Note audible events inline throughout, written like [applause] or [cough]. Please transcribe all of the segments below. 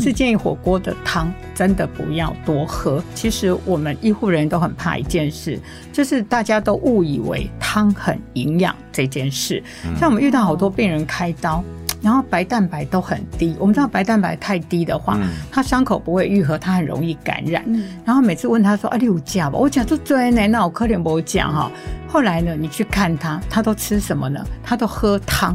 是建議火鍋的湯真的不要多喝。其實我們醫護人員都很怕一件事，就是大家都誤以為湯很營養這件事。嗯、像我們遇到好多病人開刀，然後白蛋白都很低。我們知道白蛋白太低的話，嗯、它傷口不會癒合，它很容易感染。嗯、然後每次問他說：“啊，你有吃嗎？”我講說：“最呢，那我哪有可能不吃哈。”後來呢，你去看他，他都吃什麼呢？他都喝湯。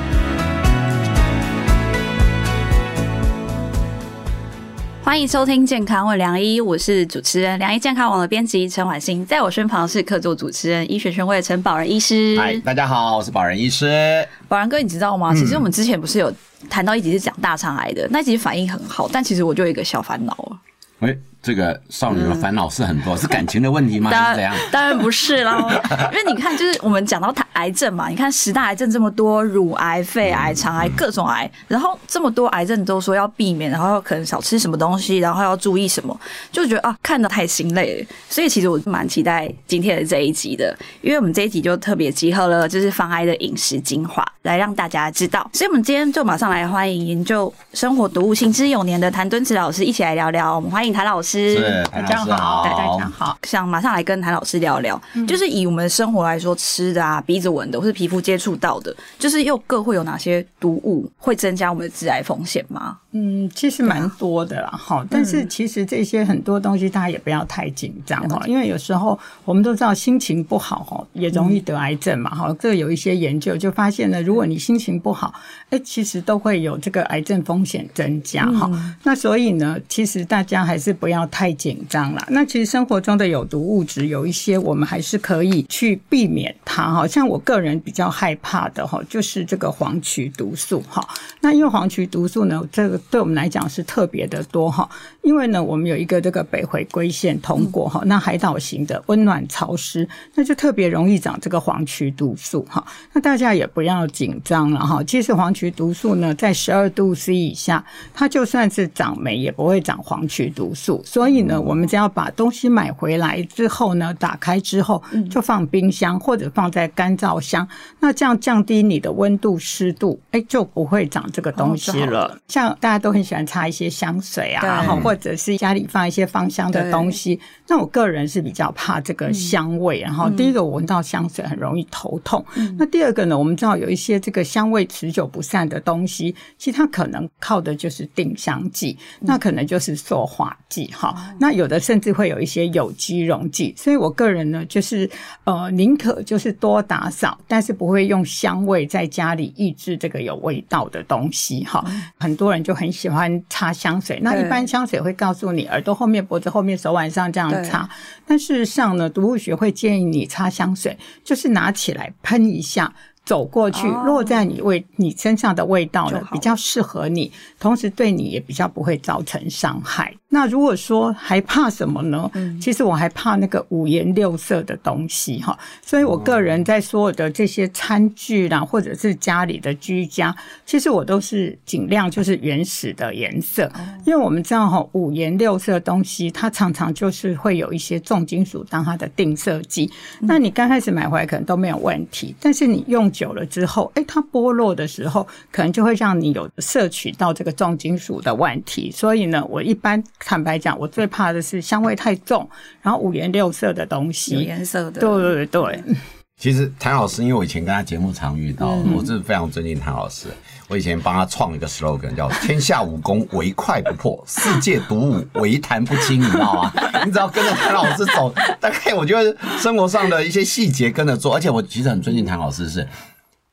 歡迎收聽《健康問良醫》，我是主持人良醫健康網的編輯陳宛欣，在我身旁是客座主持人、醫學權威陳保仁醫師。嗨，大家好，我是保仁醫師。保仁哥，你知道嗎？嗯、其實我們之前不是有談到一集是講大腸癌的，那集反應很好，但其實我就有一個小煩惱啊。欸這個少女的煩惱是很多，嗯、是感情的問題嗎？當然當然不是啦， [laughs] 因為你看，就是我們講到癌症嘛，你看十大癌症這麼多，乳癌、肺癌、腸癌各種癌，然後這麼多癌症都說要避免，然後要可能少吃什麼東西，然後要注意什麼，就覺得啊，看得太心累了。所以其實我蠻期待今天的這一集的，因為我們這一集就特別集合了就是防癌的飲食精華，來讓大家知道。所以我們今天就馬上來歡迎研究生活毒物行之有年的譚敦慈老師一起來聊聊。我們歡迎譚老師。是，比較好對，對，比較好。想馬上來跟譚老師聊聊，嗯、就是以我們的生活來說，吃的啊、鼻子聞的，或是皮膚接觸到的，就是又各會有哪些毒物會增加我們的致癌風險嗎？嗯，其實蠻多的啦，好、啊，但是其實這些很多東西大家也不要太緊張哈，嗯、因為有時候我們都知道心情不好哈也容易得癌症嘛哈，嗯、這有一些研究就發現呢，如果你心情不好，哎、嗯欸，其實都會有這個癌症風險增加哈。嗯、那所以呢，其實大家還是不要。太緊張了。那其實生活中的有毒物質有一些，我們還是可以去避免它。哈，像我個人比較害怕的哈，就是這個黃曲毒素。哈，那因為黃曲毒素呢，這個對我們來講是特別的多哈。因為呢，我們有一個這個北回歸線通過哈，那海島型的溫暖潮濕，那就特別容易長這個黃曲毒素。哈，那大家也不要緊張了哈。其實黃曲毒素呢，在十二度 C 以下，它就算是長黴也不會長黃曲毒素。所以呢，我們只要把東西買回來之後呢，打開之後就放冰箱，或者放在乾燥箱。那這樣降低你的溫度濕度，哎，就不會長這個東西了。像大家都很喜歡擦一些香水啊，然後或者是家裡放一些芳香的東西。那我個人是比較怕這個香味，然後第一個我聞到香水很容易頭痛。那第二個呢，我們知道有一些這個香味持久不散的東西，其實它可能靠的就是定香劑，那可能就是塑化劑。好，那有的甚至會有一些有機溶劑，所以我個人呢，就是呃，寧可就是多打掃，但是不會用香味在家裡抑制這個有味道的東西。哈，很多人就很喜歡擦香水，那一般香水會告訴你耳朵後面、脖子後面、手腕上這樣擦，對但事實上呢，毒物學會建議你擦香水就是拿起來噴一下，走過去落在你味你身上的味道呢比較適合你，同時對你也比較不會造成傷害。那如果說還怕什麼呢？其實我還怕那個五顏六色的東西哈，所以我個人在所有的這些餐具啦，或者是家裡的居家，其實我都是儘量就是原始的顏色，因為我們知道哈，五顏六色的東西它常常就是會有一些重金屬當它的定色劑。那你剛開始買回來可能都沒有問題，但是你用久了之後，哎、欸，它剝落的時候，可能就會讓你有攝取到這個重金屬的問題。所以呢，我一般。坦白講，我最怕的是香味太重，然後五顏六色的東西。顏色的，對，對對對。其實譚老師，因為我以前跟他節目常遇到，我是非常尊敬譚老師。嗯、我以前幫他創了一個 slogan，叫“天下武功唯快不破， [laughs] 世界毒物唯譚不清，你知道嗎？ [laughs] 你只要跟着譚老師走，大概我覺得生活上的一些細節跟着做。而且我其實很尊敬譚老師是，是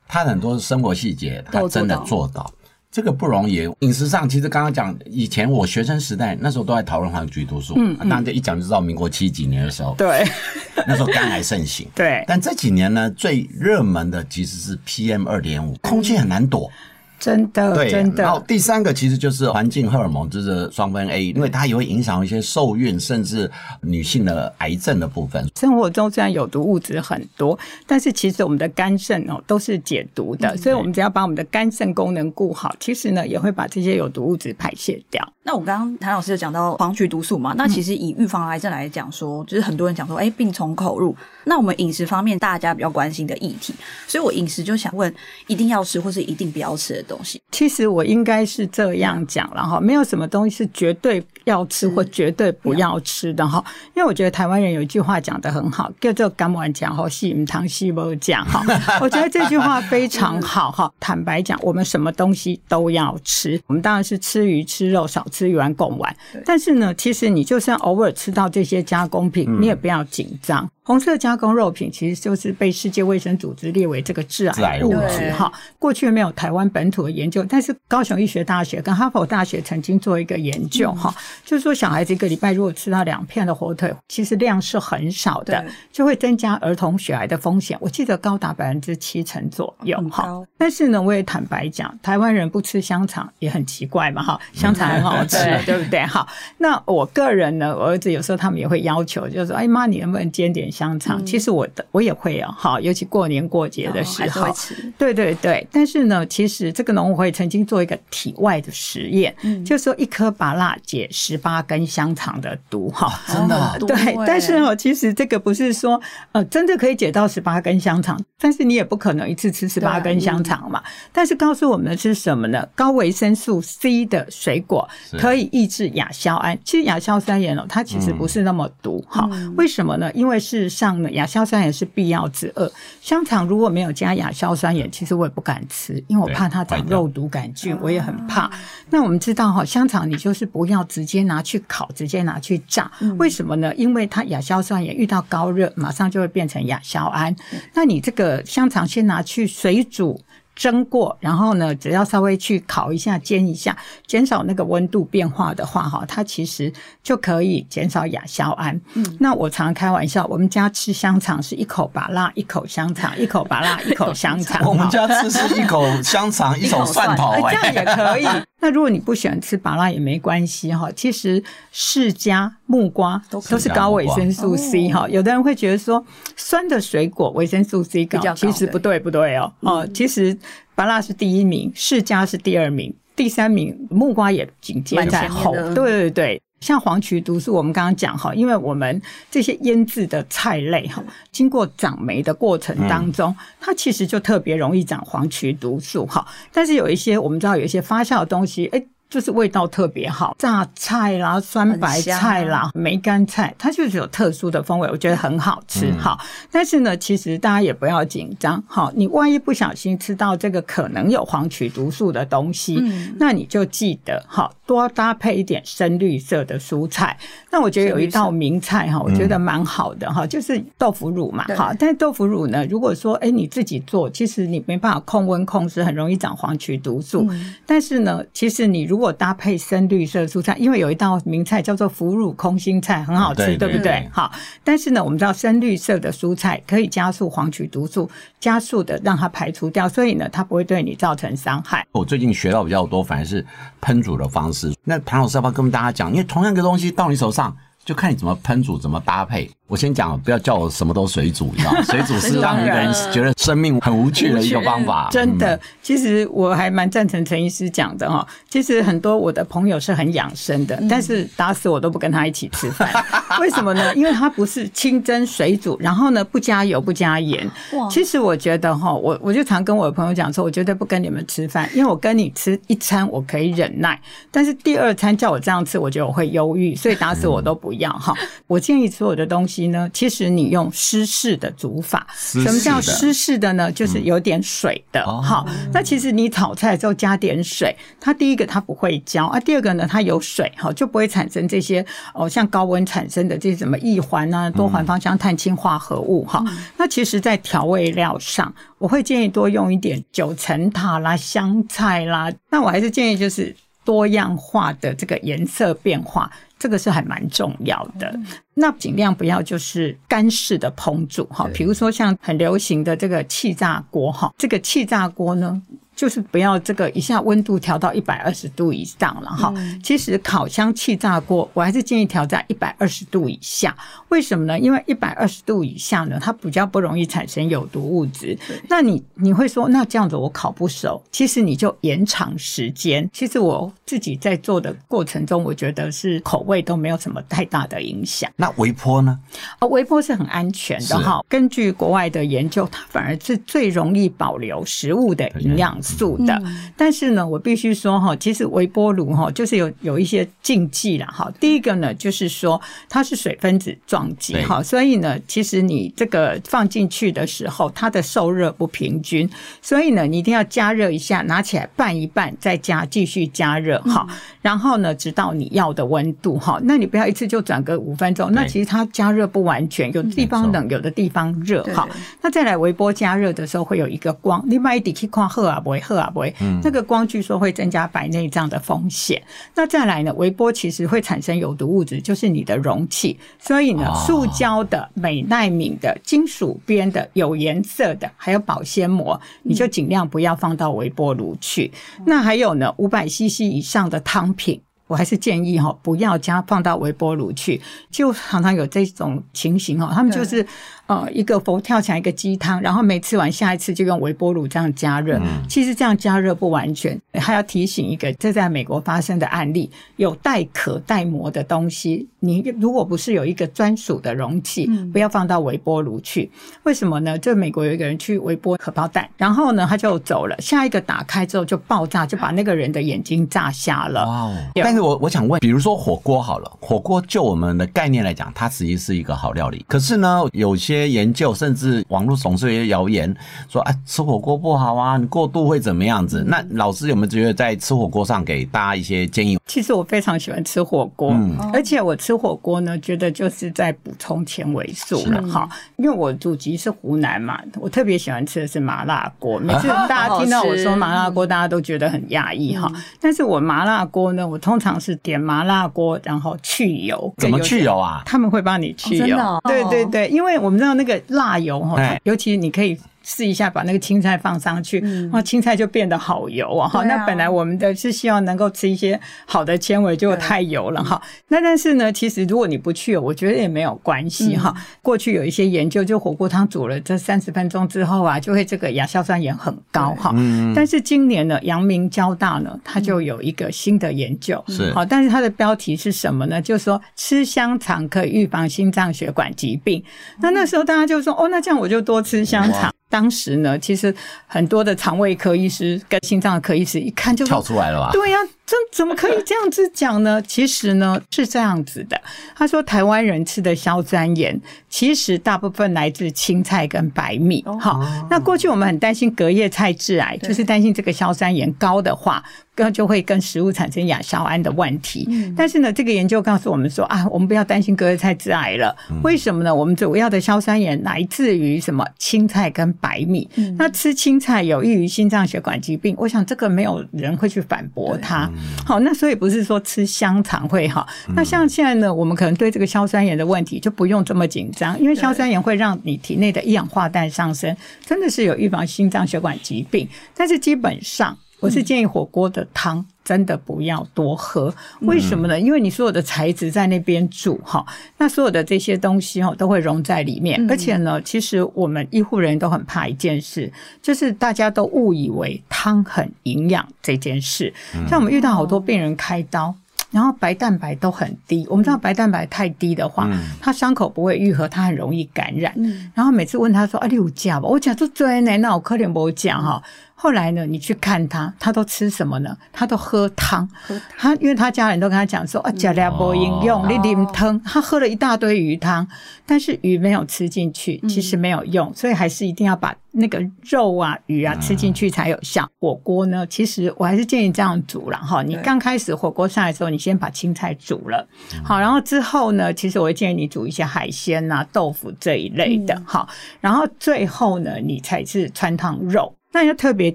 他很多生活細節，他真的做到。做做做這個不容易。飲食上其實剛剛講，以前我學生時代那時候都在討論黃麴毒素，大家嗯嗯、啊、一講就知道民國七幾年的時候，對， [laughs] 那時候肝癌盛行，對，但這幾年呢，最熱門的其實是 PM 二點五，空氣很難躲。嗯真的，對真的。然後第三個其實就是環境荷爾蒙，就是雙酚 A，對因為它也會影響一些受孕，甚至女性的癌症的部分。生活中雖然有毒物質很多，但是其實我們的肝腎哦都是解毒的，嗯、所以我們只要把我們的肝腎功能顧好，嗯、其實呢也會把這些有毒物質排泄掉。那我剛剛譚老師有講到黃麴毒素嘛，那其實以預防癌症來講說，說就是很多人講說，哎，病從口入。那我們飲食方面，大家比較關心的議題，所以我飲食就想問，一定要吃或是一定不要吃的東西？其實我應該是這樣講了，然後、嗯、沒有什麼東西是絕對要吃或絕對不要吃的哈。嗯嗯、因為我覺得台灣人有一句話講得很好，叫做甘講“敢晚講好，細唔糖細唔講哈”。 [laughs] 我覺得這句話非常好哈。嗯、坦白講，我們什麼東西都要吃，我們當然是吃魚吃肉，少吃。吃魚丸貢丸，但是呢，其實你就算偶爾吃到這些加工品，你也不要緊張。嗯紅色加工肉品其實就是被世界衛生組織列為這個致癌物質哈對。過去沒有臺灣本土的研究，但是高雄醫學大學跟哈佛大學曾經做一個研究哈，嗯、就是說小孩子一個禮拜如果吃到兩片的火腿，其實量是很少的，對就會增加兒童血癌的風險。我記得高達百分之七成左右哈、嗯。但是呢，我也坦白講，臺灣人不吃香腸也很奇怪嘛哈，香腸很好吃，對不對？哈，那我個人呢，我兒子有時候他們也會要求，就是說：“哎媽，你能不能煎點？”香腸，其實我的我也會有、哦、好，尤其過年過節的時候，哦、對對對，但是呢，其實這個農委會曾經做一個體外的實驗，嗯、就說一顆芭樂解十八根香腸的毒哈，真的、哦，對，哦、但是呢、哦、其實這個不是說呃真的可以解到十八根香腸，但是你也不可能一次吃十八根香腸嘛。啊嗯、但是告訴我們的是什麼呢？高維生素 C 的水果可以抑制亞硝胺。是其實亞硝酸鹽哦，它其實不是那麼毒哈、嗯哦，為什麼呢？因為是。上呢，亞硝酸也是必要之二，香腸如果沒有加亞硝酸鹽，其實我也不敢吃，因為我怕它長肉毒桿菌，對我也很怕。壞掉那我們知道哈，香腸你就是不要直接拿去烤，直接拿去炸，嗯、為什麼呢？因為它亞硝酸鹽遇到高熱，馬上就會變成亞硝胺。嗯、那你這個香腸先拿去水煮，蒸過，然後呢，只要稍微去烤一下，煎一下，減少那個溫度變化的話，哈，它其實就可以減少亞硝胺。嗯、那我常常開玩笑，我們家吃香腸是一口芭樂，一口香腸，一口芭樂，一口香腸。我們家吃是一口香腸， [laughs] 一口蒜頭，欸，哎，這樣也可以。 [laughs] 那如果你不喜歡吃芭樂也沒關係哈，其實釋迦、木瓜都是高維生素 C 哈可。有的人會覺得說酸的水果維生素 C 高，比較高，其實不對不對哦哦，嗯、其實芭樂是第一名，釋迦是第二名，第三名木瓜也緊接在後，對對對。像黃麴毒素，我們剛剛講哈，因為我們這些醃製的菜類哈，經過長黴的過程當中，它其實就特別容易長黃麴毒素哈。但是有一些我們知道，有一些發酵的東西，哎就是味道特別好，榨菜啦、酸白菜啦、啊、梅乾菜，它就是有特殊的風味，我覺得很好吃。嗯、好，但是呢，其實大家也不要緊張。好，你萬一不小心吃到這個可能有黃曲毒素的東西，嗯、那你就記得，好，多搭配一點深綠色的蔬菜。那我覺得有一道名菜哈，嗯、我覺得蠻好的哈，就是豆腐乳嘛。嗯、好，但豆腐乳呢，如果說哎、欸、你自己做，其實你沒辦法控溫控濕，很容易長黃曲毒素。嗯、但是呢，其實你如果如果搭配深綠色蔬菜，因為有一道名菜叫做腐乳空心菜，很好吃，啊、對，對，對，對不對？好，但是呢，我們知道深綠色的蔬菜可以加速黃曲毒素加速的讓它排除掉，所以呢，它不會對你造成傷害。我最近學到比較多，反而是烹煮的方式。那譚老師要不要跟大家講？因為同樣的東西到你手上。就看你怎麼烹煮，怎麼搭配。我先講，不要叫我什麼都水煮，你知道嗎？水煮是讓一個人覺得生命很無趣的一個方法。真的，嗯、其實我還蠻贊成陳醫師講的哦。其實很多我的朋友是很養生的，但是打死我都不跟他一起吃飯。嗯、為什麼呢？因為他不是清蒸、水煮，然後呢，不加油、不加鹽。哇其實我覺得哈，我我就常跟我的朋友講說，我絕對不跟你們吃飯，因為我跟你吃一餐我可以忍耐，但是第二餐叫我這樣吃，我覺得我會憂鬱，所以打死我都不。嗯哈，我建議所有的東西呢，其實你用濕式的煮法。什麼叫濕式,、嗯、式的呢？就是有點水的。嗯、好，那其實你炒菜之後加點水，它第一個它不會焦啊，第二個呢它有水哈，就不會產生這些哦，像高溫產生的這些什麼異環啊、多環芳香碳氫化合物哈、嗯。那其實，在調味料上，我會建議多用一點九層塔啦、香菜啦。那我還是建議就是多樣化的這個顏色變化。這個是還蠻重要的，嗯、那儘量不要就是乾式的烹煮哈，比、嗯、如說像很流行的這個氣炸鍋哈，這個氣炸鍋呢。就是不要這個一下溫度調到一百二十度以上了哈。其實烤箱、氣炸鍋，我還是建議調在一百二十度以下。為什麼呢？因為一百二十度以下呢，它比較不容易產生有毒物質。那你你會說，那這樣子我烤不熟？其實你就延長時間。其實我自己在做的過程中，我覺得是口味都沒有什麼太大的影響。那微波呢？哦，微波是很安全的哈。根據國外的研究，它反而是最容易保留食物的營養。素的，但是呢，我必須說哈，其實微波爐哈，就是有有一些禁忌了哈。第一個呢，就是說它是水分子撞擊哈，所以呢，其實你這個放進去的時候，它的受熱不平均，所以呢，你一定要加熱一下，拿起來拌一拌，再加繼續加熱哈。然後呢，直到你要的溫度哈，那你不要一次就轉個五分鐘，那其實它加熱不完全，有地方冷，有的地方熱哈。那再來微波加熱的時候，會有一個光，你不要一直誇赫爾不會。赫啊伯，那個光據說會增加白內障的風險。嗯、那再來呢，微波其實會產生有毒物質，就是你的容器。所以呢，哦、塑膠的、美耐皿的、金屬邊的、有顏色的，還有保鮮膜，你就盡量不要放到微波爐去。嗯、那還有呢，五百 CC 以上的湯品，我還是建議吼、哦，不要加放到微波爐去。就常常有這種情形哈、哦，他們就是。呃，一個佛跳牆，一個雞湯，然後沒吃完，下一次就用微波爐這樣加熱。嗯、其實這樣加熱不完全，還要提醒一個，這在美國發生的案例，有帶殼帶膜的東西，你如果不是有一個專屬的容器，不要放到微波爐去。嗯、為什麼呢？就美國有一個人去微波荷包蛋，然後呢，他就走了，下一個打開之後就爆炸，就把那個人的眼睛炸瞎了。哦！對但是我我想問，比如說火鍋好了，火鍋就我們的概念來講，它實際是一個好料理，可是呢有些。些研究，甚至網絡總是有些謠言說啊，吃火鍋不好啊，你過度會怎麼樣子？那老師有沒有覺得在吃火鍋上給大家一些建議？其實我非常喜歡吃火鍋，而且我吃火鍋呢，覺得就是在補充纖維素了哈。因為我祖籍是湖南嘛，我特別喜歡吃的是麻辣鍋。每次大家聽到我說麻辣鍋，大家都覺得很訝異。哈。但是我麻辣鍋呢，我通常是點麻辣鍋，然後去油。怎麼去油啊？他們會幫你去油。對對對，對，因為我們這。那個辣油哈，尤其是你可以。試一下把那個青菜，放上去，那、嗯、青菜就變得好油哦、喔、哈。嗯、那本來我們的是希望能夠吃一些好的纖維，就太油了哈對。那但是呢，其實如果你不去，我覺得也沒有關係哈、嗯。過去有一些研究，就火鍋湯煮了這三十分鐘之後啊，就會這個亞硝酸鹽很高哈。但是今年呢，陽明交大呢，它就有一個新的研究，是、嗯、好。但是它的標題是什麼呢？就是說吃香腸可以預防心臟血管疾病。那、嗯、那時候大家就說哦，那這樣我就多吃香腸。當時呢，其實很多的腸胃科醫師跟心臟科醫師一看就跳出來了吧？對呀、啊。怎怎麼可以這樣子講呢？其實呢，是這樣子的。他說，台灣人吃的硝酸鹽，其實大部分來自青菜跟白米。哦、好，那過去我們很擔心隔夜菜致癌，對就是擔心這個硝酸鹽高的話，那就會跟食物產生亞硝胺的問題。嗯、但是呢，這個研究告訴我們說啊，我們不要擔心隔夜菜致癌了。為什麼呢？我們主要的硝酸鹽來自於什麼？青菜跟白米。嗯、那吃青菜有益於心臟血管疾病，我想這個沒有人會去反駁他。好，那所以不是說吃香腸會好。那像現在呢，我們可能對這個硝酸鹽的問題就不用這麼緊張，因為硝酸鹽會讓你體內的一氧化氮上升，真的是有預防心臟血管疾病。但是基本上。我是建議火鍋的湯真的不要多喝，嗯、為什麼呢？因為你所有的材質在那邊煮哈，那所有的這些東西哈都會融在裡面。而且呢，其實我們醫護人員都很怕一件事，就是大家都誤以為湯很營養這件事。嗯、像我們遇到好多病人開刀，然後白蛋白都很低。我們知道白蛋白太低的話，它傷口不會癒合，它很容易感染。嗯、然後每次問他說：“啊，你有吧？”我講這追呢，那我可能不會講哈。”後來呢，你去看他，他都吃什麼呢？他都喝湯，喝湯，他因為他家人都跟他講說啊，加料波應用你淋湯，哦、他喝了一大堆魚湯，但是魚沒有吃進去，其實沒有用，嗯、所以還是一定要把那個肉啊、魚啊吃進去才有效。嗯、火鍋呢，其實我還是建議這樣煮了哈。嗯、你剛開始火鍋上來的時候，你先把青菜煮了，嗯、好，然後之後呢，其實我會建議你煮一些海鮮啊、豆腐這一類的，嗯、好，然後最後呢，你才是穿湯肉。那要特別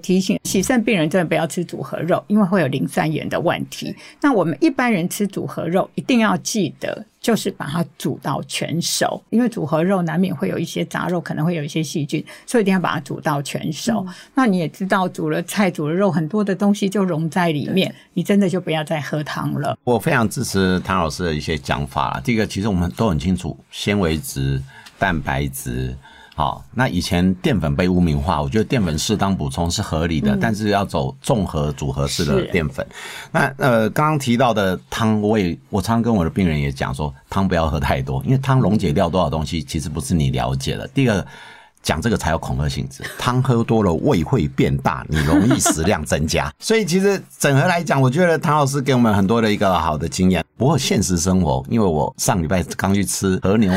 提醒，洗腎病人真的不要吃組合肉，因為會有磷酸鹽的問題。那我們一般人吃組合肉，一定要記得就是把它煮到全熟，因為組合肉難免會有一些雜肉，可能會有一些細菌，所以一定要把它煮到全熟。嗯、那你也知道，煮了菜、煮了肉，很多的東西就融在裡面，你真的就不要再喝湯了。我非常支持譚老師的一些講法。這個，其實我們都很清楚，纖維質、蛋白質。好，那以前澱粉被污名化，我覺得澱粉適當補充是合理的，嗯、但是要走綜合組合式的澱粉。啊、那呃，剛剛提到的湯，我也我常跟我的病人也講說，湯不要喝太多，因為湯溶解掉多少東西，其實不是你了解的。第二。講這個才有恐嚇性質。湯喝多了，胃會變大，你容易食量增加。 [laughs] 所以其實整合來講，我覺得唐老師給我們很多的一個好的經驗。不過現實生活，因為我上禮拜剛去吃和牛，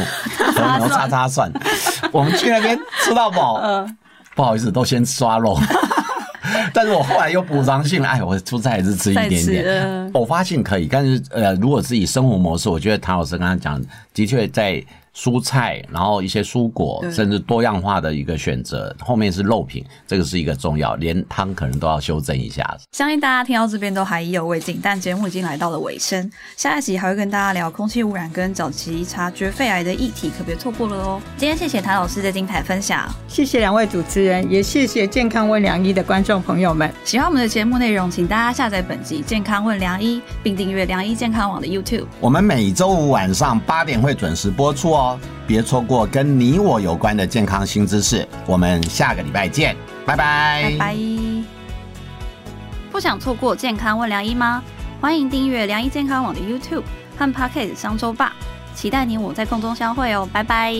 和牛叉叉蒜， [laughs] 我們去那邊吃到飽。 [laughs] 不好意思，都先刷肉。 [laughs] 但是我後來又補償性了，哎，我出差還是吃一點點，偶發性可以。但是呃，如果是以生活模式，我覺得唐老師剛剛講的確在。蔬菜，然後一些蔬果，甚至多樣化的一個選擇。對後面是肉品，這個是一個重要。連湯可能都要修正一下。相信大家聽到這邊都還意猶未盡，但節目已經來到了尾聲。下一集還會跟大家聊空氣污染、跟早期察覺肺癌的議題，可別錯過了哦、喔。今天謝謝譚老師的精彩分享，謝謝兩位主持人，也謝謝健康問良醫的觀眾朋友們。喜歡我們的節目內容，請大家下載本集健康問良醫，並訂閱良醫健康網的 YouTube。我們每週五晚上八點會準時播出哦、喔。別錯過跟你我有關的健康新知識，我們下個禮拜見，拜拜。拜拜。不想錯過健康問良醫嗎？歡迎訂閱良醫健康網的 YouTube 和 Podcast 商周吧，期待你我在空中相會哦，拜拜。